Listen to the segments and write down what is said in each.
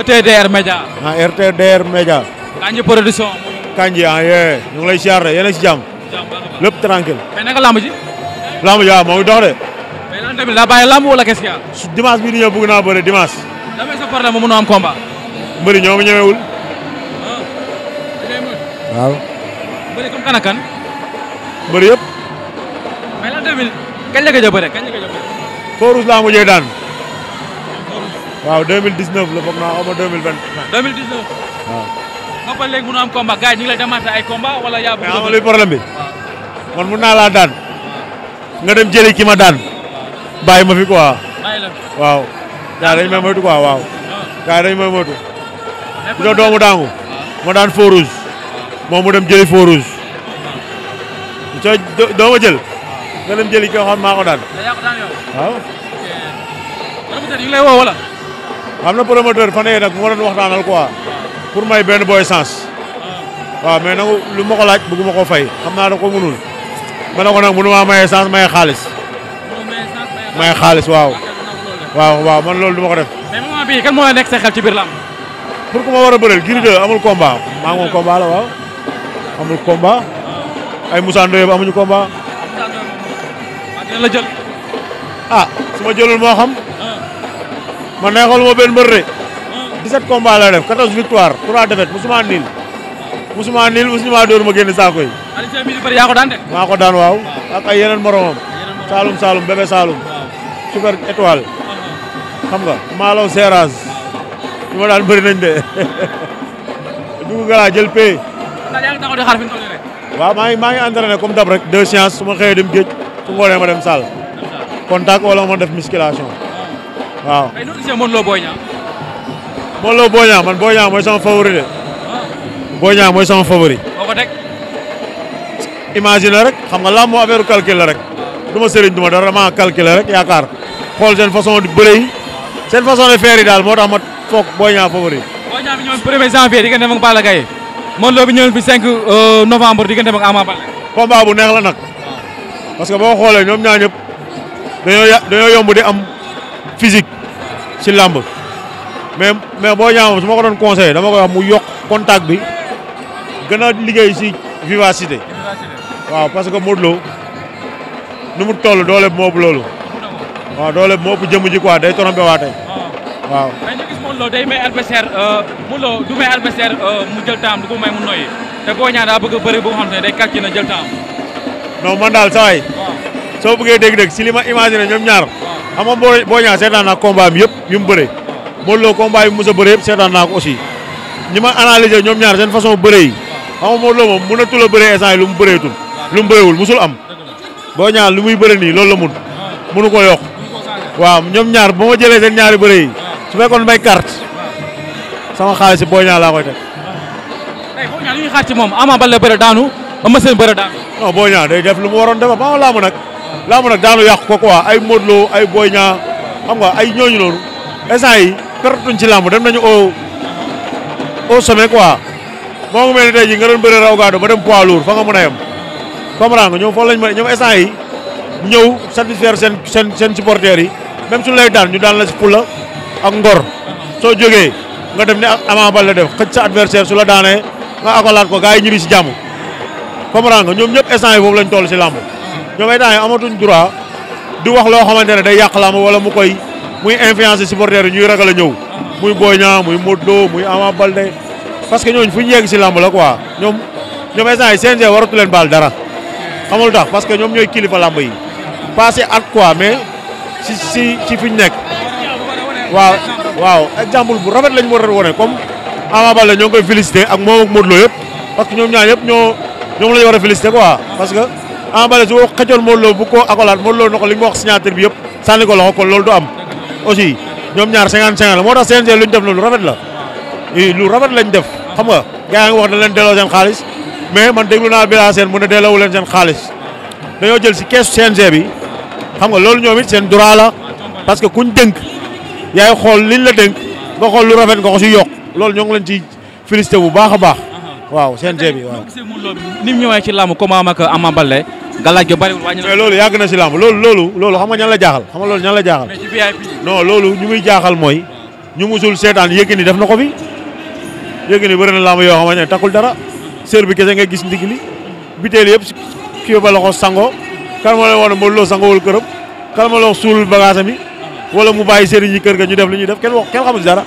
RTDR Média. ah RTDR meja. Kanji production. Kanji ah ye, ñu ngi lay siyaar Jam. Lep terangkil. si tranquille. mais naka lamb ji. lamb ji waaw dox de. mais lan tamit daa bàyyi lamb wala qu'est-ce Beri su dimanche bi di ñëw bëre dimanche. sa kan kan. mais lan tamit kañ la kañ la waaw 2019 la foog naa xaw ma 2020. 2019. waaw. nga ba léegi mënu luy problème bi. man mun naa laa daan. nga dem jëli ki ma daan. bàyyi ma fi quoi. bàyyi la waaw. gars dañ may moytu quoi waaw. gars dañ may moytu. bu doo doomu daangu. ma daan feu rouge. mu dem jëli feu rouge. Ah. soo doo jël. nga dem jëli koo xam maa daan. amna promoteur fane nak mo mu ma doon waxtaanal quoi pour may ben boy sens wa mais nak lu mako laaj bëgguma ko fay xamna da ko munul ma ne ko nag mënu maa maye sens may xaalis may xaalis waaw waaw waaw man lolou duma ko def mais moment bi kan moo nek sa xel ci biir lamb pour ko ma wara beurel giri de amul combat ma ngi combat la waaw amul combat ay Moussa ndoy amuñu combat la jël ah suma jëlul mo xam man neexal ma benn mbër de. 17 combats la def 14 victoire 3 défaites musuma niil. musuma niil musuma dóor ma génn saako yi. Alioune Seye mii bëri yaa ko daan de. maa ko waaw. ak ay moromam. Saalum Saalum bébé Saalum. super étoile. xam nga Malaw Seras. ñu ma daan bëri nañ de. dugg gala jël pay. ndax yaa ngi taxaw di xaar fi mu toll nii rek. waaw maa ngi maa ngi entraîné rek. deux séances ma xëyee dem géej su ngoonee ma dem salle. contact wala ma def musculation. waaw. tey noo gisee Modou Lo Boy Niang. Modou Lo Boy Niang man Boy Niang mooy sama favori de. Ah. Boy Niang mooy sama favori. imagine rek xam nga làmb moo affaire calcul la rek du ma sëriñ du ma dara ma calculer rek yaakaar xool seen façon di bëre yi seen façon de faire yi daal moo tax ma foog Boy favori. Boy bi ñëwoon premier janvier diggante ak Balla Gaye Modou Lo bi ñëwoon fi euh, novembre diggante ak Ama Baldé. combat bu neex la parce que boo xoolee ñoom ñaar dañoo yomb di am physique. ci lamb mais mais boo ñaaw su ma ko doon conseillé dama ko wax mu yokk contact bi gën a liggéey ci vivacité. waaw parce que Modou Lo nu mu toll doole bi moo ëpp loolu. waaw doole bi moo ëpp jëmm ji a day trompé waate waaw mais ñu gis Modou Lo day may adversaire euh, euh, mu jël temps du may mu noyyi te Boy Niang daa bëgg a bëri bu nga day kàcce na jël temps non man daal saa soo bëggee dégg-dégg si li ma imaginé ñoom ñaar. xam nga boo boo ñaa seetaan combat am yëpp yu mu bëree Lo combat yi musa mos a bëree ko aussi ñima analyser ñom ñaar seen façon bëree yi xam nga Modou Lo moom mun a tula bëree instant lu mu bëreetul lu mu wul musul am boo ñaar lu muy bëri ni loolu la mun munu ko yokk waaw ñom ñaar bama ma jëlee seen ñaari bëre yi su fekkon may carte sama xaalis si boo ñaar laa koy tek tay boo ñaar li ñuy xaar ci moom Ama Baldé bëre daanu Eumeu seen bëre daanu. non boo day def lu mu waron def ba ma laamu nak la mo nag daanu yak ko quoi ay modlo ay boyña xam nga ay ñooñu noonu essay yi ci lamb dem nañu o oh, o oh, sommet quoi mo ngi mel tay ji nga doon beure raw gaado ba dem poids lourd fa nga mëna yam comprend nga ñoo foofu lañ ñoo essay ñew satisfaire sen sen sen supporter yi même suñu lay daan ñu daan la ci poula ak ngor so joggé nga dem ni avant balle def xëc sa adversaire su la daané nga akolaat ko gaay ñibi ci jamm comprend nga ñoom ñep essay yi lañ toll ci lamb ñoom état yi amatuñ droit di wax loo xamante ne day yàq làmb wala mu koy muy influencer supporters yi ñuy ragal a ñëw muy Boy Niang muy Modou Lo muy Ama parce que ñooñu fu ñu yegg si làmb la quoi ñoom ñoom état yi CNG waratu leen baal dara xamul tax parce que ñoom ñooy kilifa làmb yi passé at quoi mais si si si fi ñu nekk waaw waaw exemple bu rafet lañ war a wone comme Ama Baldé ñoo ngi koy félicité ak moom ak Modou Lo yëpp parce que ñoom ñaar yëpp ñoo ñoom la ñu war parce que Ama Baldé su ko xëccoon Modou Lô bu ko akolaat Modou Lô na ko li ma wax signature bi yëpp sànni ko kon loolu du am aussi ñoom ñaar 50 50 la moo tax CNG lu ñu def loolu rafet la lu rafet lañ def xam nga gars yi wax na leen delloo seen xaalis mais man déglu naa Bira Sène mu ne delloowu leen seen xaalis dañoo jël si keesu CNG bi xam nga loolu ñoom it seen droit la parce que kuñ dënk yaay xool li la dënk nga xool lu rafet nga ko si yokk loolu ñoo ngi leen ci félicité bu baax a baax waaw CNG bi waaw. ni mu ñëwaat ci làmb galaaj yu bariwul wañu lalu yag na si lamb lalu lalu, loolu xam nga ñan la jaaxal xam nga lalu ñan la jaaxal mais ci VIP non loolu ñu muy jaaxal moy ñu musul setan Yékini def nako fi Yékini bëri na lamb yo xam nga takul dara sër bi kese nga gis ndigli bitel yëpp ki yo balaxo sango kan mo lay won mo Lo sangowul këram kan ma la wax bagage mi wala mu bayyi sëriñ yi kër ga ñu def li ñu def kenn wax kenn xamu dara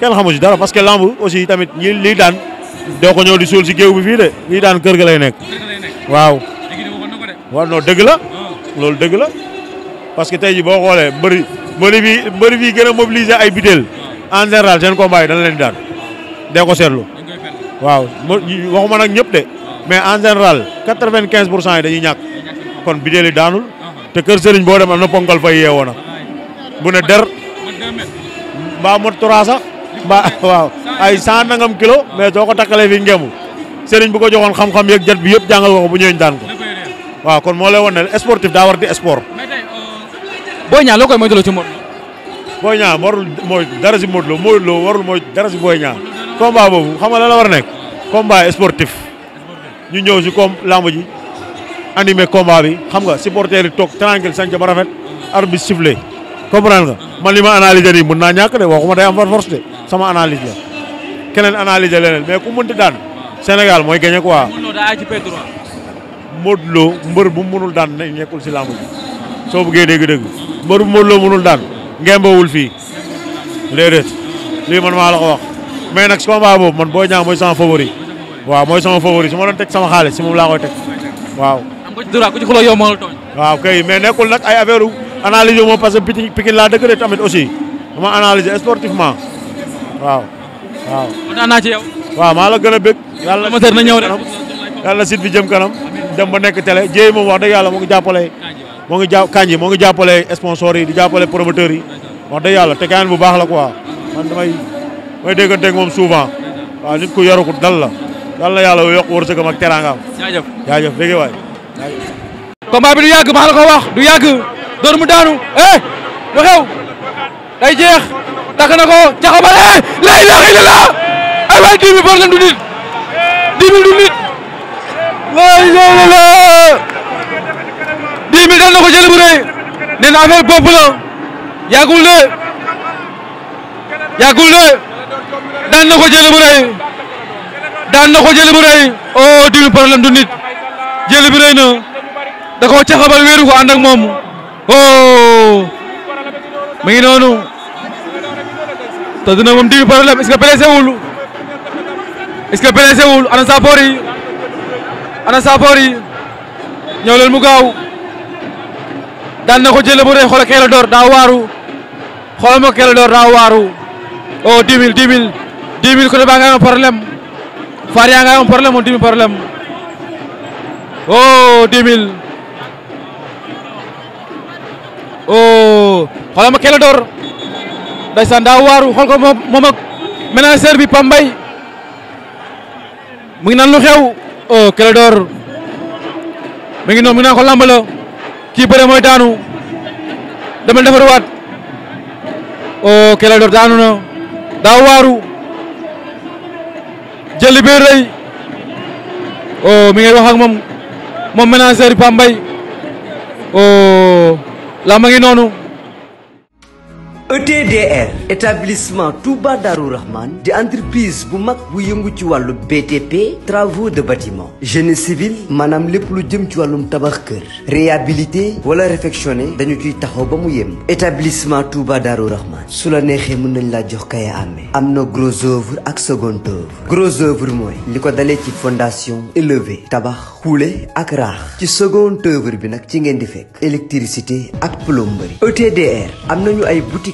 kenn xamu dara parce que lamb aussi tamit li daan do ko ñëw di sul si geew bi fi de li daan kër ga lay nekk waaw war no deug la lolou deug la parce que tay ji bo xolé beuri beuri bi beuri bi gëna mobiliser ay bidel en général sen combat yi dañ leen daan dé ko sétlu waaw waxuma nak ñëpp dé mais en général 95% yi dañuy ñak kon bidel yi daanul ah, té kër serigne bo dem amna ponkal fay yewo nak bu ne der ba mo tora sax ba waaw ay 100 nangam kilo mais soko takalé fi ngëmu serigne bu ko joxon xam xam yek jet bi yëpp jangal ko bu ñëñ daan ko waaw kon moo lay won ne sportif daa war di sport. mais tey euh, Boy Niang loo koy moytaloo ci Modou Lo. Boy Niang warul mooy dara si Modou Lo Modou Lo warul mooy dara si Boy Niang. combat boobu xam nga lan war nekk. combat sportif. ñu ñëw si comme lamb ji animé combat bi xam nga supporter yi toog tranquille sànq ba rafet. arbitre bi sifflé comprendre nga man li ma analyser nii mën naa ñàkk de waxuma day am force de sama analyse la keneen analyser leneen mais ku mënti daan Sénégal mooy gagné quoi. mënoo modlo mbeur bu munul dan ne nekkul si làmb bi soo bëggee dégg-dégg mbër bu modlo munul dan daan ngembawul fi déedéet li man ma la ko wax mais nak si combat boobu man Boy Niang moy sama favori waaw moy sama favori suma don tek sama xale ci mom la koy tek waaw. am ko ci dura ku ci xuloo yow mo la tooñ. waaw kay mais nekul nak ay affaireu analyse mo parce que petit petit la deug de tamit aussi dama analyser sportivement waaw waaw. kontaan naa ci yow. waaw ma la gëna bëgg yalla ma yàlla na ñëw rek yàlla na site bi jëm kanam dem ba nekk télé jéey moom wax dëgg yàlla moo ngi jàppale moo ngi ja kanji moo ngi jàppale yi di jàppale promoteurs yi wax dëgg yàlla te kayan bu baax la quoi man may dégganteeg moom souvent waaw nit ku yaru ko dal la dal na yàlla yokk wërsëgam ak teraangaam jaajëf jaajëf waay combat bi du yàgg maa la ko wax du yàgg door mu daanu eh lu xew day jeex takk na ko caxabal eh la ilaha illallah ay eh, waay dix mille bor leen du nit waay loolu la dix mille daan na ko jël bu rëy nee na affaire bopp la yàggul de yàggul daan na ko jël bu rëy daan na ko jël bu rëy oh dix mille problème du nit jël bi na da koo caxabal wéeru ko moom oh mi ngi noonu moom dix mille problème est-ce que blessé wul est-ce que ana saapoor yi ñëw leen mu gaaw daan na ko jëlee bu rëy xoolal keel door daa waaru xoolal ma keel door daa waaru oh 10 000 10 baa nga am problème Faar yaa nga problème moom 10 000 problème oh 10 door ndeysaan daa waaru xool ko moom moom ak manager bi Pambay mu ngi naan lu oh Clédor mi ngi noonu mi naan ko làmb la kii bëre mooy daanu demal defaruwaat daanu na daa jëli biir rëy oh mi ngay wax ak moom moom manager Pambay oh làmb ngi noonu. ETDR établissement Touba Darou Rahman di entreprise bu mag bu ci BTP travaux de bâtiment génie civil maanaam lépp lu jëm ci wàllum tabax kër réhabilité wala réfectionné dañu ciy taxaw ba mu établissement Touba Darou Rahman su la neexee mën nañ laa jox kaya gros œuvre ak second œuvre gros œuvre moi, li ko ci fondation élevé tabax houle, ak raax ci second œuvre bi nag ci di fekk électricité ak plomberie ETDR amno nañu ay boutique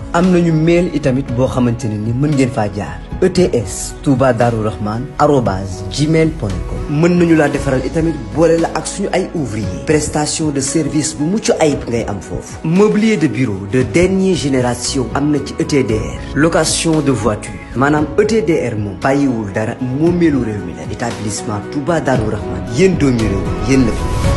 am na ñu mail itamit boo xamante ne ni mën ngeen faa jaar ETS Touba Darou Rahman arobase gmail point mën nañu laa defaral itamit boole la ak suñu ay ouvrier prestation de service bu mucc ay ngay am foofu mobilier de bureau de dernière génération am na ci ETDR location de voiture maanaam ETDR moom bàyyiwul dara moo meelu réew mi la établissement Touba Darou Rahman yéen doomi réew yéen la fi